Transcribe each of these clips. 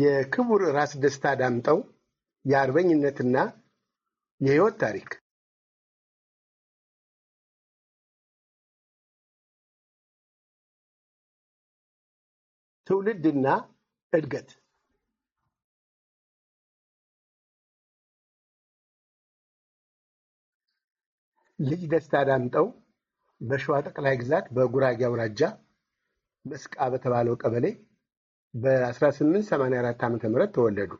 የክቡር ራስ ደስታ ዳምጠው የአርበኝነትና የሕይወት ታሪክ ትውልድና እድገት ልጅ ደስታ ዳምጠው በሸዋ ጠቅላይ ግዛት በጉራጌ አውራጃ መስቃ በተባለው ቀበሌ በ1884 ም ተወለዱ።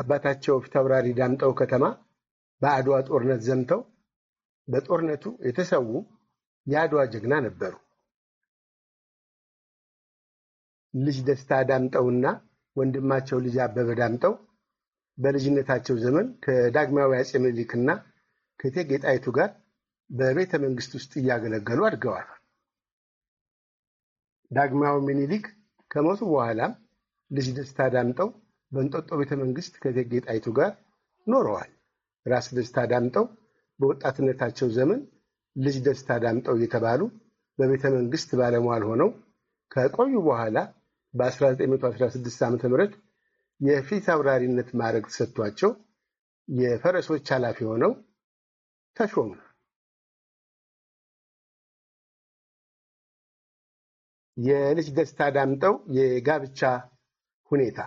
አባታቸው ፊታውራሪ ዳምጠው ከተማ በአድዋ ጦርነት ዘምተው በጦርነቱ የተሰዉ የአድዋ ጀግና ነበሩ። ልጅ ደስታ ዳምጠውና ወንድማቸው ልጅ አበበ ዳምጠው በልጅነታቸው ዘመን ከዳግማዊ አፄ ምኒልክና ከእቴጌ ጣይቱ ጋር በቤተ መንግስት ውስጥ እያገለገሉ አድገዋል። ዳግማዊ ምኒልክ ከሞቱ በኋላም ልጅ ደስታ ዳምጠው በእንጦጦ ቤተ መንግሥት ከእቴጌ ጣይቱ ጋር ኖረዋል። ራስ ደስታ ዳምጠው በወጣትነታቸው ዘመን ልጅ ደስታ ዳምጠው እየተባሉ በቤተ መንግሥት ባለሟል ሆነው ከቆዩ በኋላ በ1916 ዓ ም የፊት አውራሪነት ማዕረግ ተሰጥቷቸው የፈረሶች ኃላፊ ሆነው ተሾሙ። የልጅ ደስታ ዳምጠው የጋብቻ ሁኔታ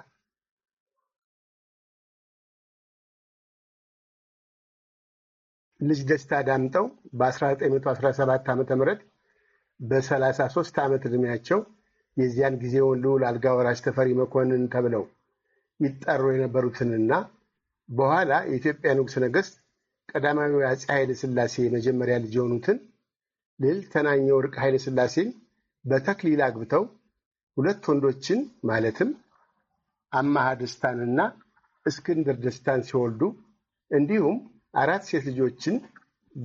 ልጅ ደስታ ዳምጠው በ1917 ዓ ም በ33 ዓመት ዕድሜያቸው የዚያን ጊዜውን ልዑል አልጋ ወራሽ ተፈሪ መኮንን ተብለው ይጠሩ የነበሩትንና በኋላ የኢትዮጵያ ንጉሥ ነገሥት ቀዳማዊ አፄ ኃይለ ሥላሴ የመጀመሪያ ልጅ የሆኑትን ልዕልት ተናኘ ወርቅ ኃይለ ሥላሴን በተክሊል አግብተው ሁለት ወንዶችን ማለትም አማሃ ደስታንና እስክንድር ደስታን ሲወልዱ እንዲሁም አራት ሴት ልጆችን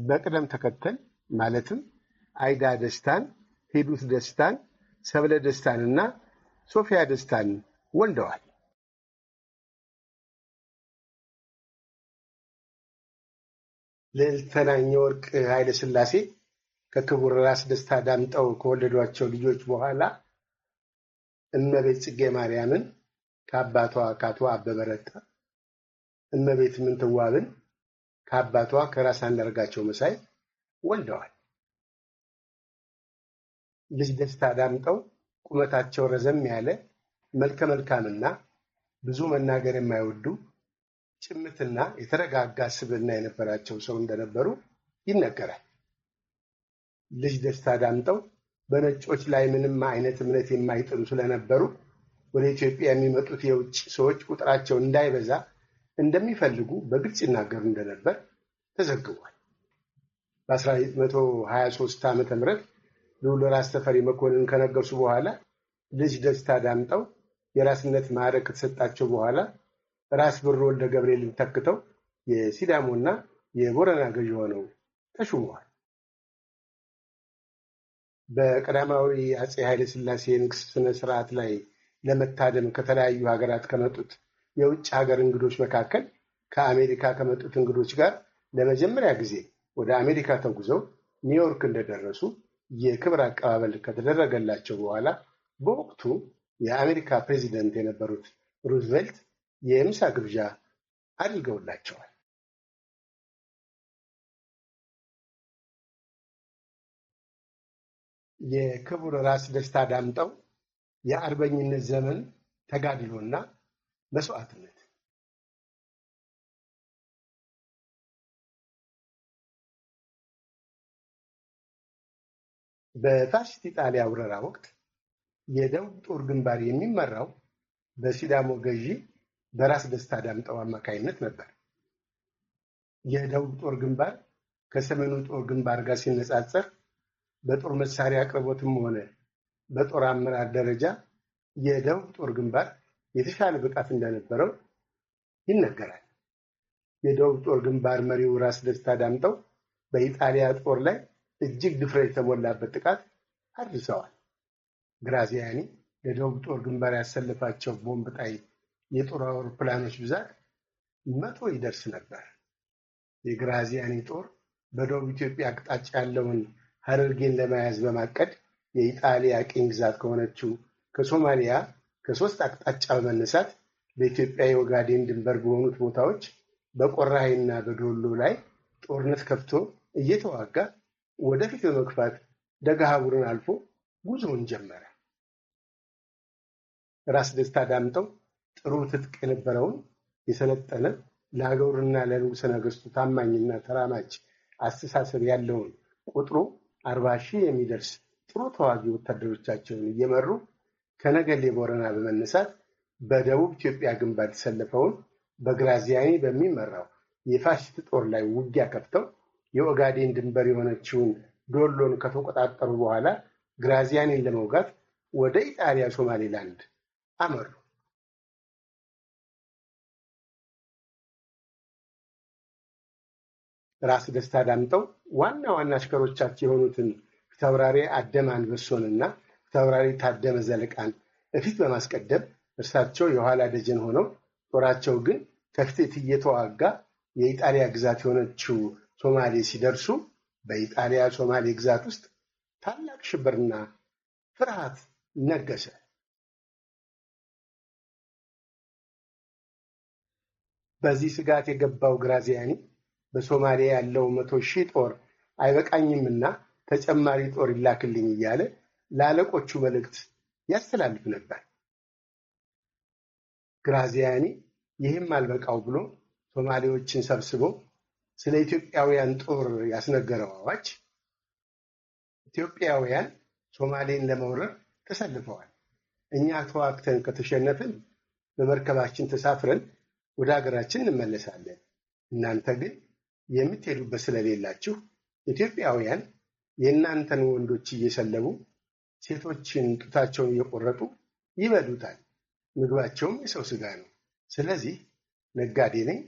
በቅደም ተከተል ማለትም አይዳ ደስታን፣ ሂዱት ደስታን፣ ሰብለ ደስታንና ሶፊያ ደስታን ወልደዋል። ልዕልት ወርቅ ኃይለ ሥላሴ ከክቡር ራስ ደስታ ዳምጠው ከወለዷቸው ልጆች በኋላ እመቤት ጽጌ ማርያምን ከአባቷ ከአቶ አበበ ረታ፣ እመቤት ምንትዋብን ከአባቷ ከራስ አንዳርጋቸው መሳይ ወልደዋል። ልጅ ደስታ ዳምጠው ቁመታቸው ረዘም ያለ መልከ መልካምና ብዙ መናገር የማይወዱ ጭምትና የተረጋጋ ስብዕና የነበራቸው ሰው እንደነበሩ ይነገራል። ልጅ ደስታ ዳምጠው በነጮች ላይ ምንም አይነት እምነት የማይጥሉ ስለነበሩ ወደ ኢትዮጵያ የሚመጡት የውጭ ሰዎች ቁጥራቸው እንዳይበዛ እንደሚፈልጉ በግልጽ ይናገሩ እንደነበር ተዘግቧል። በ1923 ዓ ም ልዑል ራስ ተፈሪ መኮንን ከነገሱ በኋላ ልጅ ደስታ ዳምጠው የራስነት ማዕረግ ከተሰጣቸው በኋላ ራስ ብር ወልደ ገብርኤልን ተክተው የሲዳሞና የቦረና ገዥ ሆነው ተሹመዋል። በቀዳማዊ አፄ ኃይለሥላሴ የንግሥ ሥነ ሥርዓት ላይ ለመታደም ከተለያዩ ሀገራት ከመጡት የውጭ ሀገር እንግዶች መካከል ከአሜሪካ ከመጡት እንግዶች ጋር ለመጀመሪያ ጊዜ ወደ አሜሪካ ተጉዘው ኒውዮርክ እንደደረሱ የክብር አቀባበል ከተደረገላቸው በኋላ በወቅቱ የአሜሪካ ፕሬዚደንት የነበሩት ሩዝቬልት የምሳ ግብዣ አድርገውላቸዋል። የክቡር ራስ ደስታ ዳምጠው የአርበኝነት ዘመን ተጋድሎና መስዋዕትነት በፋሽስት ኢጣሊያ ወረራ ወቅት የደቡብ ጦር ግንባር የሚመራው በሲዳሞ ገዢ በራስ ደስታ ዳምጠው አማካይነት ነበር። የደቡብ ጦር ግንባር ከሰሜኑ ጦር ግንባር ጋር ሲነጻጸር በጦር መሳሪያ አቅርቦትም ሆነ በጦር አመራር ደረጃ የደቡብ ጦር ግንባር የተሻለ ብቃት እንደነበረው ይነገራል። የደቡብ ጦር ግንባር መሪው ራስ ደስታ ዳምጠው በኢጣሊያ ጦር ላይ እጅግ ድፍረት የተሞላበት ጥቃት አድርሰዋል። ግራዚያኒ ለደቡብ ጦር ግንባር ያሰለፋቸው ቦምብ ጣይ የጦር አውሮፕላኖች ብዛት መቶ ይደርስ ነበር። የግራዚያኒ ጦር በደቡብ ኢትዮጵያ አቅጣጫ ያለውን ሀረርጌን ለመያዝ በማቀድ የኢጣሊያ ቅኝ ግዛት ከሆነችው ከሶማሊያ ከሶስት አቅጣጫ በመነሳት በኢትዮጵያ የኦጋዴን ድንበር በሆኑት ቦታዎች በቆራሃይና በዶሎ ላይ ጦርነት ከፍቶ እየተዋጋ ወደፊት በመግፋት ደገሃቡርን አልፎ ጉዞውን ጀመረ። ራስ ደስታ ዳምጠው ጥሩ ትጥቅ የነበረውን የሰለጠነ ለሀገሩና ለንጉሠ ነገሥቱ ታማኝና ተራማጅ አስተሳሰብ ያለውን ቆጥሮ አርባ ሺህ የሚደርስ ጥሩ ተዋጊ ወታደሮቻቸውን እየመሩ ከነገሌ ቦረና በመነሳት በደቡብ ኢትዮጵያ ግንባር የተሰለፈውን በግራዚያኒ በሚመራው የፋሽስት ጦር ላይ ውጊያ ከፍተው የኦጋዴን ድንበር የሆነችውን ዶሎን ከተቆጣጠሩ በኋላ ግራዚያኒን ለመውጋት ወደ ኢጣሊያ ሶማሌላንድ አመሩ። ራስ ደስታ ዳምጠው ዋና ዋና አሽከሮቻቸው የሆኑትን ፊታውራሪ አደመ አንበሶንና ፊታውራሪ ታደመ ዘለቃን እፊት በማስቀደም እርሳቸው የኋላ ደጀን ሆነው ጦራቸው ግን ከፊት እየተዋጋ የኢጣሊያ ግዛት የሆነችው ሶማሌ ሲደርሱ በኢጣሊያ ሶማሌ ግዛት ውስጥ ታላቅ ሽብርና ፍርሃት ነገሰ። በዚህ ስጋት የገባው ግራዚያኒ በሶማሊያ ያለው መቶ ሺህ ጦር አይበቃኝምና ተጨማሪ ጦር ይላክልኝ እያለ ለአለቆቹ መልእክት ያስተላልፍ ነበር። ግራዚያኒ ይህም አልበቃው ብሎ ሶማሌዎችን ሰብስቦ ስለ ኢትዮጵያውያን ጦር ያስነገረው አዋጅ ኢትዮጵያውያን ሶማሌን ለመውረር ተሰልፈዋል፣ እኛ ተዋግተን ከተሸነፍን በመርከባችን ተሳፍረን ወደ ሀገራችን እንመለሳለን፣ እናንተ ግን የምትሄዱበት ስለሌላችሁ ኢትዮጵያውያን የእናንተን ወንዶች እየሰለቡ ሴቶችን ጡታቸውን እየቆረጡ ይበሉታል። ምግባቸውም የሰው ስጋ ነው። ስለዚህ ነጋዴ ነኝ፣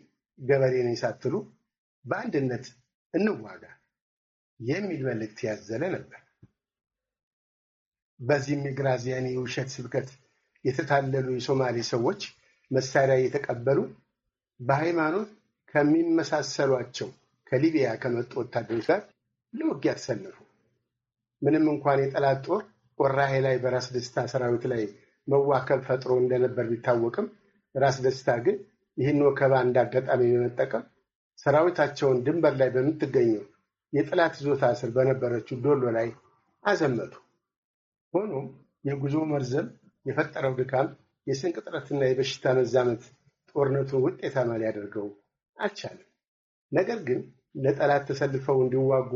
ገበሬ ነኝ ሳትሉ በአንድነት እንዋጋ የሚል መልእክት ያዘለ ነበር። በዚህም የግራዚያን የውሸት ስብከት የተታለሉ የሶማሌ ሰዎች መሳሪያ እየተቀበሉ በሃይማኖት ከሚመሳሰሏቸው ከሊቢያ ከመጡ ወታደሮች ጋር ለውጊያ ተሰለፉ። ምንም እንኳን የጠላት ጦር ወራሄ ላይ በራስ ደስታ ሰራዊት ላይ መዋከብ ፈጥሮ እንደነበር ቢታወቅም ራስ ደስታ ግን ይህን ወከባ እንዳጋጣሚ በመጠቀም ሰራዊታቸውን ድንበር ላይ በምትገኘው የጠላት ይዞታ ስር በነበረችው ዶሎ ላይ አዘመቱ። ሆኖም የጉዞ መርዘም የፈጠረው ድካም፣ የስንቅ ጥረትና የበሽታ መዛመት ጦርነቱን ውጤታማ ሊያደርገው አልቻለም። ነገር ግን ለጠላት ተሰልፈው እንዲዋጉ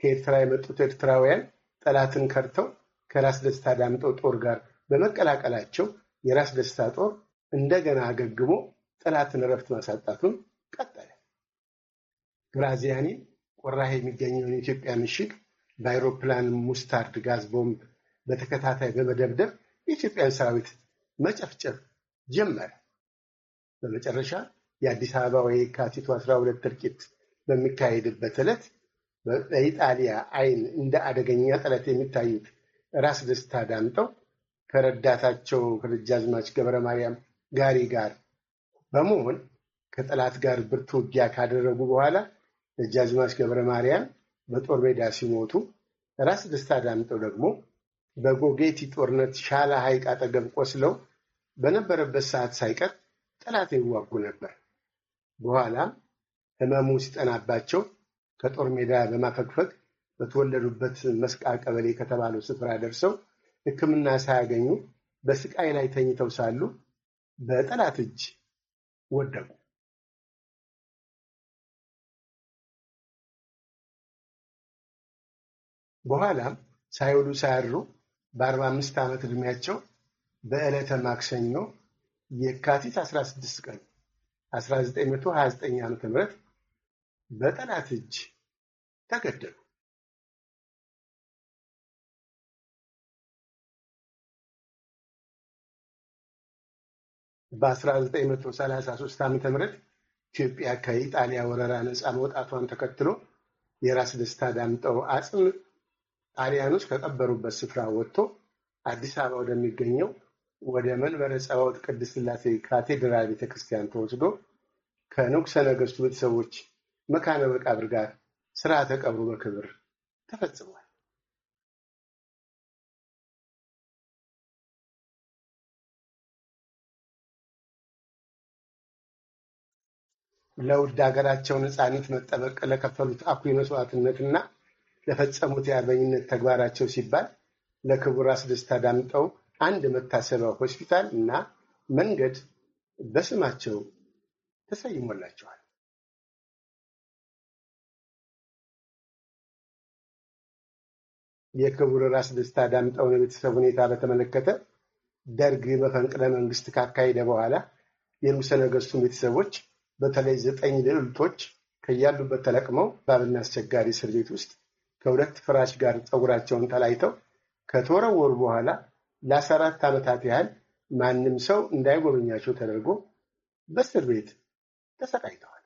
ከኤርትራ የመጡት ኤርትራውያን ጠላትን ከርተው ከራስ ደስታ ዳምጠው ጦር ጋር በመቀላቀላቸው የራስ ደስታ ጦር እንደገና አገግሞ ጠላትን እረፍት ማሳጣቱን ቀጠለ። ግራዚያኒ ቆራህ የሚገኘውን የኢትዮጵያ ምሽግ በአይሮፕላን ሙስታርድ ጋዝ ቦምብ በተከታታይ በመደብደብ የኢትዮጵያን ሰራዊት መጨፍጨፍ ጀመረ። በመጨረሻ የአዲስ አበባው የካቲቱ 12 እልቂት በሚካሄድበት ዕለት በኢጣሊያ አይን እንደ አደገኛ ጠላት የሚታዩት ራስ ደስታ ዳምጠው ከረዳታቸው ከደጃዝማች ገብረ ማርያም ጋሪ ጋር በመሆን ከጠላት ጋር ብርቱ ውጊያ ካደረጉ በኋላ ደጃዝማች ገብረ ማርያም በጦር ሜዳ ሲሞቱ ራስ ደስታ ዳምጠው ደግሞ በጎጌቲ ጦርነት ሻላ ሐይቅ አጠገብ ቆስለው በነበረበት ሰዓት ሳይቀር ጠላት ይዋጉ ነበር። በኋላ ህመሙ ሲጠናባቸው ከጦር ሜዳ በማፈግፈግ በተወለዱበት መስቃ ቀበሌ ከተባለው ስፍራ ደርሰው ሕክምና ሳያገኙ በስቃይ ላይ ተኝተው ሳሉ በጠላት እጅ ወደቁ። በኋላም ሳይውሉ ሳያድሩ በአርባ አምስት ዓመት ዕድሜያቸው በዕለተ ማክሰኞ የካቲት 16 ቀን 1929 ዓ.ም በጠላት እጅ ተገደሉ። በ1933 ዓ.ም ኢትዮጵያ ከኢጣሊያ ወረራ ነፃ መውጣቷን ተከትሎ የራስ ደስታ ዳምጠው አጽም ጣሊያኖች ከቀበሩበት ስፍራ ወጥቶ አዲስ አበባ ወደሚገኘው ወደ መንበረ ጸባዖት ቅድስት ሥላሴ ካቴድራል ቤተ ክርስቲያን ተወስዶ ከንጉሠ ነገሥቱ ቤተሰቦች መካነ መቃብር ጋር ሥርዓተ ቀብሩ በክብር ተፈጽሟል። ለውድ ሀገራቸው ነፃነት መጠበቅ ለከፈሉት አኩሪ መስዋዕትነትና ለፈጸሙት የአርበኝነት ተግባራቸው ሲባል ለክቡር አስደስታ ዳምጠው አንድ መታሰቢያ ሆስፒታል እና መንገድ በስማቸው ተሰይሞላቸዋል። የክቡር ራስ ደስታ ዳምጠውን የቤተሰብ ሁኔታ በተመለከተ ደርግ መፈንቅለ መንግስት ካካሄደ በኋላ የንጉሠ ነገሥቱ ቤተሰቦች በተለይ ዘጠኝ ልዕልቶች ከያሉበት ተለቅመው ባብና አስቸጋሪ እስር ቤት ውስጥ ከሁለት ፍራሽ ጋር ፀጉራቸውን ተላይተው ከተወረወሩ በኋላ ለአስራ አራት ዓመታት ያህል ማንም ሰው እንዳይጎበኛቸው ተደርጎ በእስር ቤት ተሰቃይተዋል።